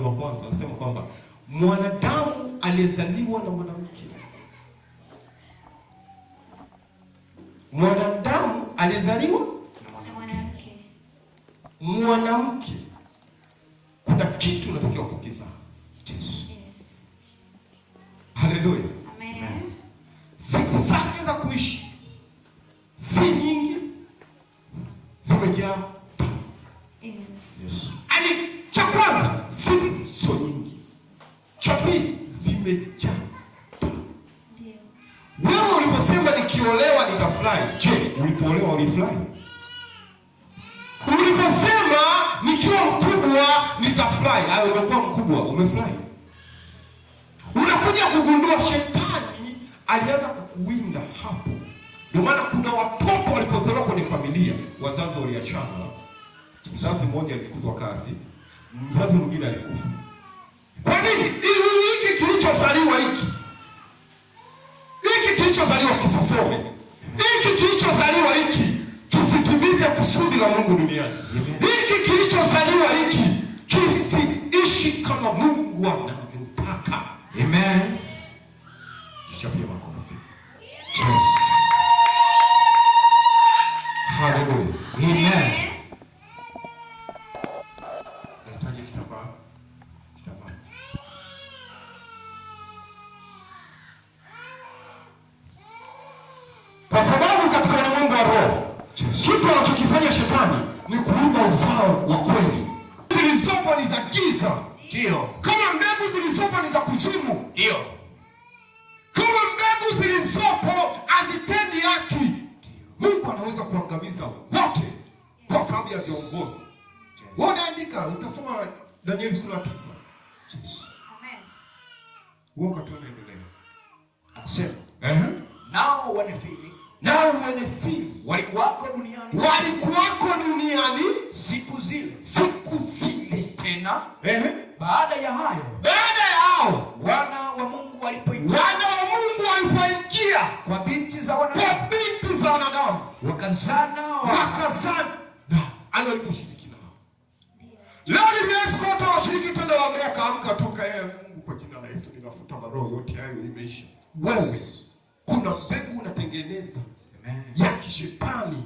Samueli wa kwanza anasema kwamba mwanadamu alizaliwa na mwanamke, mwanadamu alizaliwa na mwanamke. Mwanamke kuna kitu unatakiwa kukizaa. Yes. Haleluya, amen. Siku zake za kuishi nifurahi. Uliposema nikiwa mkubwa nitafurahi, hayo umekuwa mkubwa, umefurahi. Unakuja kugundua shetani alianza kukuwinda hapo. Ndio maana kuna watoto walipozaliwa kwenye familia, wazazi waliachana, mzazi mmoja alifukuzwa kazi, mzazi mwingine alikufa. Kwa nini? Ili hiki kilichozaliwa hiki Mungu duniani. Hiki kilichozaliwa hiki kisiishi kama Mungu anavyotaka. Amen. Chapia makofi. Yes. Ndio. Kama mbegu zilizopo azitendi haki, Mungu anaweza kuangamiza wote kwa sababu ya viongozi. Andika, utasoma Danieli sura tisa. nao wanafili walikuwako duniani, walikuwako duniani siku zile, siku zile tena, ehe, baada ya hayo wana wa Mungu walipoingia wana wa Mungu walipoingia kwa binti za wanadamu wakazana wakazana ana aliposhiriki nao. Leo nimeweza kuota shiriki tendo la ndoa, kaamka toka yeye Mungu, kwa jina la Yesu ninafuta maroho yote hayo, imeisha. Wewe kuna mbegu unatengeneza ya kishetani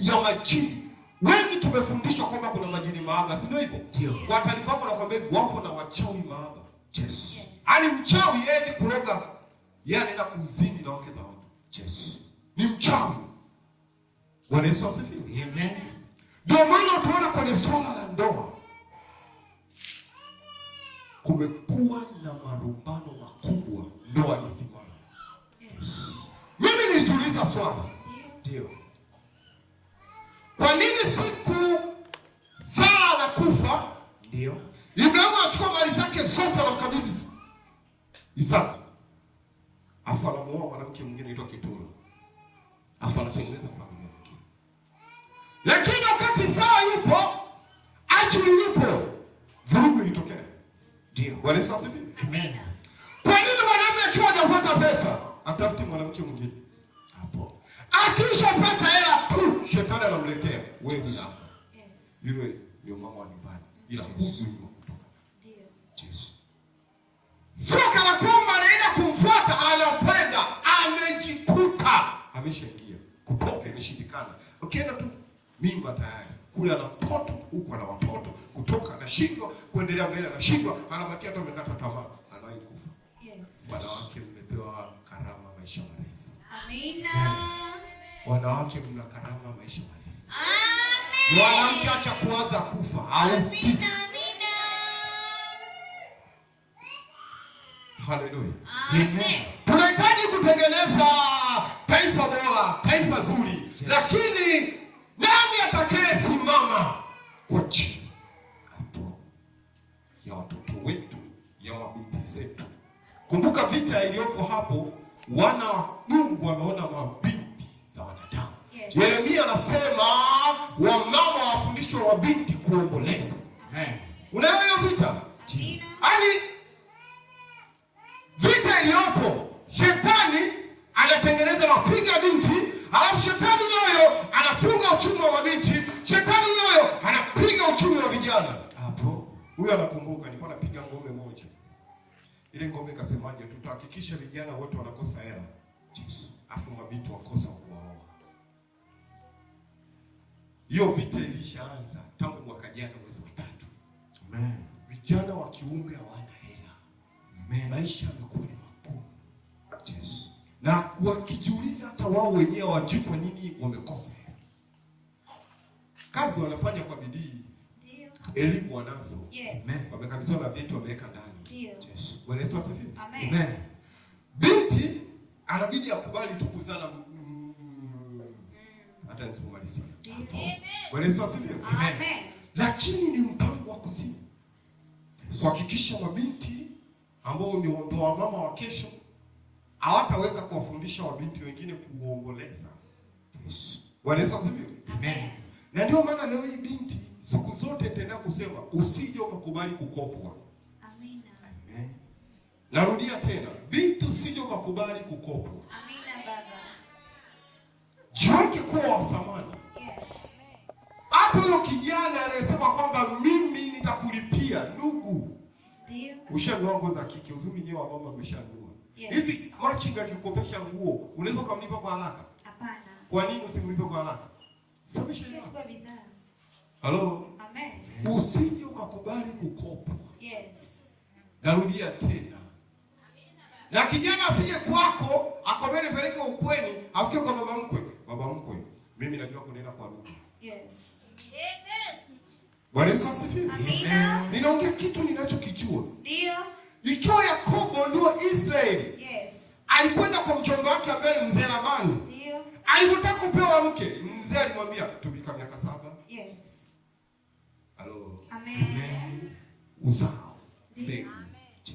ya majini. Wengi tumefundishwa kwamba kuna majini maaba, si ndio hivyo? Kwa taarifa yako nakwambia wapo na wachawi maaba. Yes. Ani mchawi endi kuroga, yeye anaenda kuzini na wake za watu. Yes. Ni mchawi. Bwana Yesu asifiwe. Amen. Ndio maana tunaona kwenye swala la ndoa kumekuwa na marumbano makubwa ndoa isimame. Yes. Mimi nilijiuliza swala. Ndio. Kwa nini siku Sara anakufa? Ndio. Ibrahimu anachukua mali zake zote na mkabidhi mwanamke mwingine hapo. Akishapata hela shetani anamletea wewe hapo. Yes. Yule ndio mama wa nyumbani. Ila yes. kutoka. Ndio. Yesu. Sio kana kwamba anaenda kumfuata, amejikuta. Ameshaingia. Kutoka imeshindikana. Ukienda tu mimba tayari. Kule ana mtoto, huko ana watoto. Kutoka anashindwa, kuendelea mbele anashindwa, anabakia tu amekata tamaa. Amina. Wanawake mna karama maisha marefu. Amina. Mwanamke acha kuwaza kufa, haufi. Amina. Haleluya. Tunahitaji kutengeneza taifa bora, taifa zuri. Yes. Lakini nani atakayesimama kwa chini hapo ya watoto wetu, ya wabinti zetu? Kumbuka vita iliyoko hapo wana wa Mungu wameona mabinti za wanadamu. Yes. Yeremia anasema wamama wafundishwe wabinti kuomboleza. Unaelewa hiyo vita? Yaani vita iliyopo, shetani anatengeneza mapiga binti, alafu shetani huyo anafunga uchumi wa mabinti, shetani huyo anapiga uchumi wa vijana. Hapo huyo anakumbuka nilikuwa napiga ile ngoma ikasemaje? Tutahakikisha vijana wote wanakosa hela, afu mabinti wakosa kuoa. Hiyo vita ilishaanza tangu mwaka jana mwezi wa tatu. Amen. Vijana wa kiume hawana hela. Amen. Maisha yamekuwa ni magumu. Yes. Na wakijiuliza hata wao wenyewe wajui kwa nini wamekosa hela. Kazi wanafanya kwa bidii elimu wanazo, wamekabidhiwa na vitu wameweka ndani. Bwana Yesu Amen. Binti anabidi akubali tukuzana mm. hata nisipomaliza. Bwana Amen. Lakini ni mpango wa kuzimu kuhakikisha mabinti ambao ni ndoa mama wa kesho hawataweza kuwafundisha wabinti wengine kuongoleza. Bwana Amen. Na ndio maana leo hii binti Siku zote nitaendelea kusema usije ukakubali kukopwa. Amina. Amen. Narudia tena, binti usije ukakubali kukopwa. Amina baba. Jiweke kuwa wa thamani. Yes. Hata huyo kijana anayesema kwamba mimi nitakulipia ndugu. Ndio. Ushanua nguo za kike, uzumi nyewe ambao mama ameshanua. Yes. Hivi machinga akikopesha nguo, unaweza kumlipa kwa haraka? Hapana. Kwa nini usimlipe kwa haraka? Sababu bidhaa Halo? Amen. Usije ukakubali kukopwa. Yes. Narudia tena. Na kijana asije kwako akomele peleke ukweni, afike kwa baba mkwe. Baba mkwe, mimi najua kunena kwa lugha. Yes. Amen. Bwana Yesu asifiwe. Amina. Ninaongea kitu ninachokijua. Ndio. Ikiwa Yakobo ndio Israeli. Yes. Alikwenda kwa mjomba wake ambaye ni mzee Labani. Ndio. Alipotaka kupewa mke, mzee alimwambia tumika miaka saba. Amen. Uzao mbegu,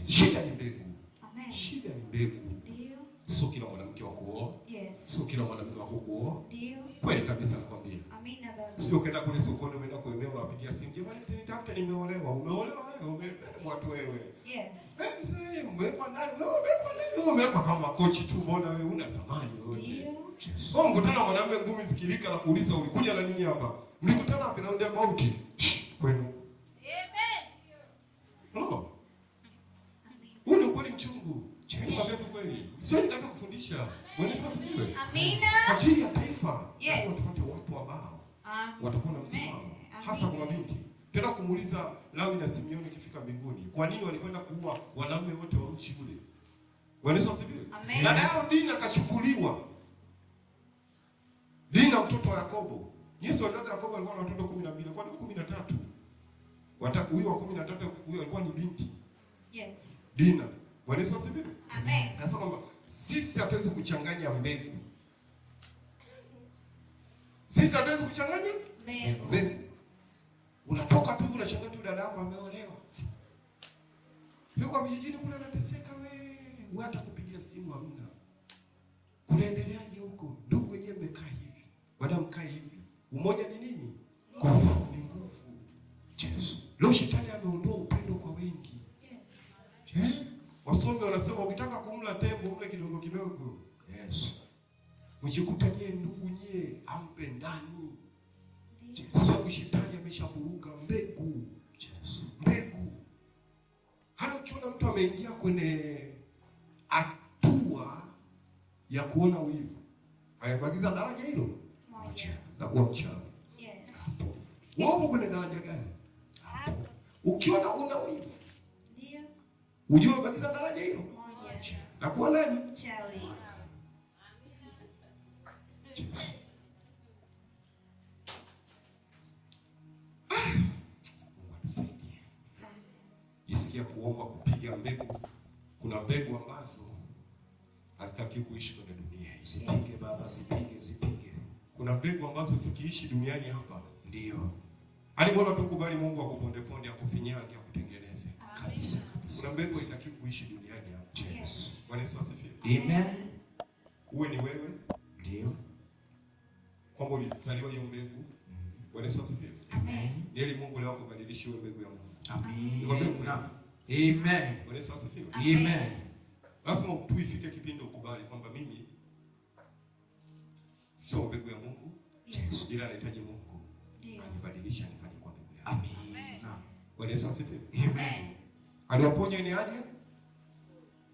shida ni mbegu, shida ni mbegu. Sio kila mwanamke wa kuoa, sio kila mwanamke wa kuoa, kweli kabisa nakwambia. Sio ukaenda kule sokoni, umeenda kuolewa, unapigia simu, jamani, msinitafute nimeolewa. Umeolewa wewe, umebebwa tu wewe, eh, umewekwa ndani, umewekwa kama kochi tu, mbona wewe una thamani yoyote? Oh, mkutano wa wanaume ngumi zikilika na kuuliza ulikuja na nini hapa? Mlikutana wapi? na mauti Oh. Oh. No. Huu ni ukweli mchungu. Chini ya pepo kweli. Sio nitaka kufundisha. Bwana sasa Amina. ajili ya taifa. Yes. Watu ambao watakuwa na msimamo. Hasa kwa mabinti. Tena kumuuliza Lawi na Simeoni ikifika mbinguni. Kwa nini walikwenda kuua wanaume wote wa nchi ule? Bwana asifiwe. Amen. Na leo Dina kachukuliwa. Dina mtoto wa Yakobo. Yesu aliwaambia Yakobo alikuwa na watoto 12, kwa nini 13? Huyu wa kumi na tatu huyu alikuwa ni binti. Yes. Dina. Bwana Yesu asifiwe. Amen. Sasa kwamba sisi hatuwezi kuchanganya mbegu. Sisi hatuwezi kuchanganya mbegu. Mbegu. Unatoka tu unachanganya tu dada yako ameolewa. Yuko vijijini kule anateseka we Wewe hata kupigia simu hamna. Unaendeleaje huko? Ndugu wenyewe mmekaa hivi. Baada mkaa hivi. Umoja ni nini? Nguvu. Ni nguvu. Yesu. Leo shetani ameondoa upendo kwa wengi. Yes. Eh? Wasomi wanasema ukitaka kumla tembo mle kidogo kidogo. Yes. Mjikuta nyie ndugu nyie hampendani. Kwa sababu shetani ameshavuruga mbegu. Yes. Mbegu. Hata ukiona mtu ameingia kwenye hatua ya kuona wivu. Amebakiza daraja hilo. Moja. Na kuwa mchawi. Yes. Wao kwenye daraja gani? Ukiwa na una wivu ndio ujue daraja hilo na kuwa nani Isikia kuomba kupiga mbegu. Kuna mbegu ambazo hazitaki kuishi kwenye dunia. Zipige baba, zipige, zipige. Kuna mbegu ambazo zikiishi duniani hapa ndio Ani bora tukubali Mungu akuponde akupondeponde, akufinyange, akutengeneze. Kabisa. Kuna mbegu itaki kuishi duniani hapa. Yes. Bwana Yesu asifiwe. Amen. Uwe ni wewe. Ndio. Kwamba ulizaliwa hiyo mbegu. Mm-hmm. Bwana Yesu asifiwe. Amen. Ili Mungu leo akubadilishe hiyo mbegu ya Mungu. Amen. Amen. Bwana Yesu asifiwe. Amen. Lazima tuifike kipindi ukubali kwamba mimi sio mbegu ya Mungu. Yes. Ila nahitaji Mungu anibadilisha kwa nifanikiwe. Amen. Bwana Yesu asifiwe. Amen. Aliwaponya ni aje?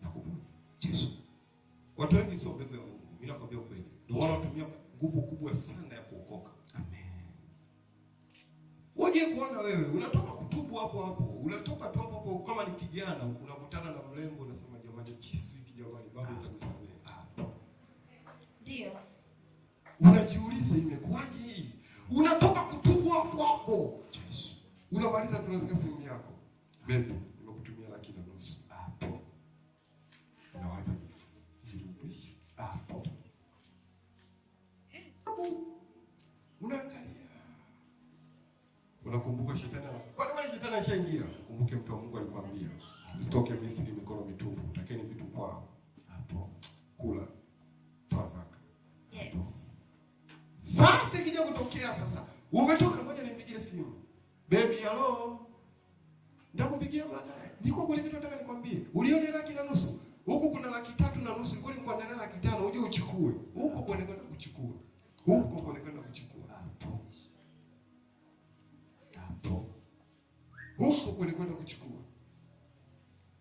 Na kuponya. Yesu. Watu wengi sio mbegu ya Mungu. Mimi nakwambia kweli. Ndio wao wanatumia nguvu kubwa sana ya kuokoka. Amen. Uje kuona wewe unatoka kutubu hapo hapo. Unatoka tu hapo hapo kama ni kijana unakutana na mrembo unasema jamani kisu hiki jamani baba ah. utanisamehe. Ah. Ndio. Unajiuliza imekuwaje hii? Unatoka hapo hapo yes. Unamaliza tunazika simu yako bebe nimekutumia laki na nusu hapo, unawaza jirudishi hapo, unaangalia unakumbuka shetani na wale wale shetani ashaingia. Kumbuke mtu wa Mungu alikwambia msitoke Misri mikono mitupu, takeni vitu kwao hapo, kula fazaka yes. Sasa ikija kutokea sasa umetu simu. Baby hello. Nitakupigia baadaye. Niko kule kitu nataka nikwambie. Uliona laki na nusu? Huko kuna laki tatu na nusu, ngoni nikwambie na laki tano uje uchukue. Huko kwa kwenda kuchukua. Huko kwa kwenda kuchukua. Hapo. Hapo. Huko kwa kwenda kuchukua.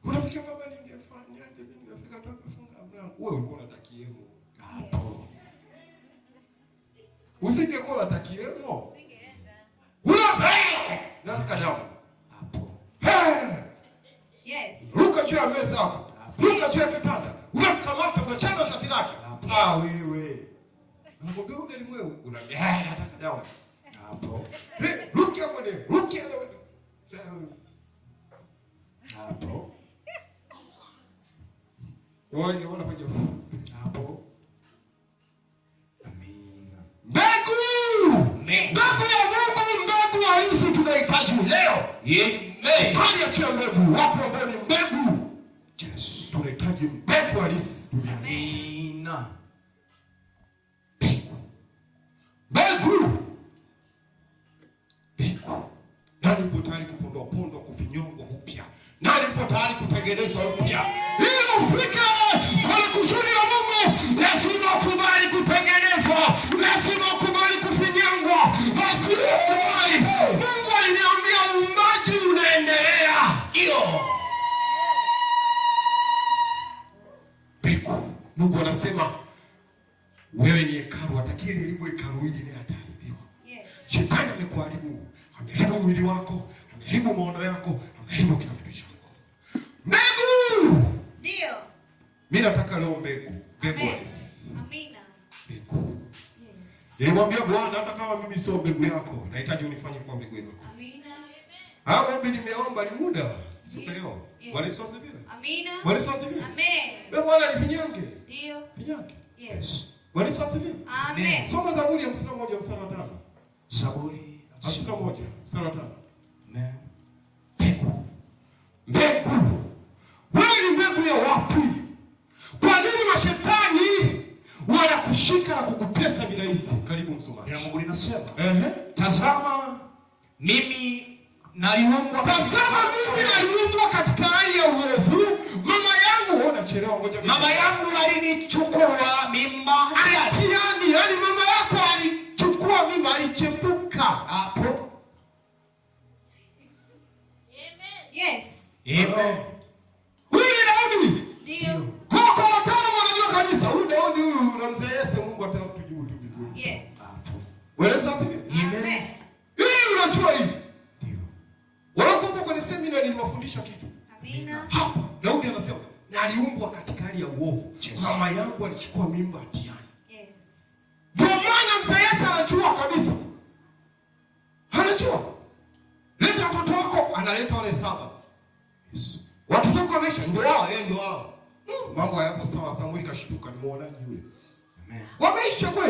Unafikia baba, ningefanyaje mimi nimefika toka kufunga mlango. Wewe ulikuwa unatakiemo. Hapo. Usingekuwa unatakiemo katika leo. Yes. Ruka juu ya meza Ruka juu ya kitanda. Unamkamata unachana shati lake. Ah, wewe. Unakwambia wewe? unaambia nataka dawa? Hapo. Ruki hapo ndio. Ruki hapo. Sasa hapo. Wewe Nani yupo tayari kupondwa pondwa, kufinyongwa upya? Nani yupo tayari kutengenezwa upya? Hiyo ufike kwenye kusudi la Mungu, lazima ukubali kutengenezwa, lazima ukubali kufinyongwa. lazima ukubali. Mungu aliniambia uumbaji unaendelea, hiyo Biko. Mungu anasema wewe ni hekalu, atakili ilivyo hekalu hili naye ataharibiwa. Yes, shetani amekuharibu ameharibu mwili wako, ameharibu maono yako, ameharibu kila kitu chako. Mbegu ndio mimi nataka leo, mbegu mbegu. Amina, mbegu. Yes, nimwambia Bwana, hata kama mimi sio mbegu yako, nahitaji unifanye kuwa mbegu yako. Amina. Hao mimi nimeomba ni muda Super leo. Wale sote vile. Amina. Wale sote vile. Amen. mbegu wala nifinyange, Ndio. finyange. Yes. Wale sote vile. Amen. Soma Zaburi ya 51 mstari wa 5. Zaburi Sura moja mstari wa tano. Mbegu, mbegu, wewe ni mbegu ya wapi? Kwa nini mashetani wanakushika na kukutesa bila hizi? Karibu msomaji. Na Mungu linasema ehe, tazama mimi naliumbwa, tazama mimi naliumbwa katika hali ya uovu, mama yangu, ona chelewa ngoja, mama yangu alinichukua mimba Amen. Huyu Daudi. Ndio. Kwa kwa tano unajua kabisa huyu Daudi huyu unamzeesha Mungu ataka kutujibu tu vizuri. Yes. Weleza hapo. Amen. Hii unajua hii. Ndio. Wanakumbuka kwenye semina niliwafundisha kitu. Amina. Hapa Daudi anasema na aliumbwa katika hali ya uovu. Mama yangu alichukua mimba atiani. Yes. Ndio maana mzeesha anajua kabisa sawa. Samueli kashtuka, ni muonaji yule. Amen. Wameisha kweli.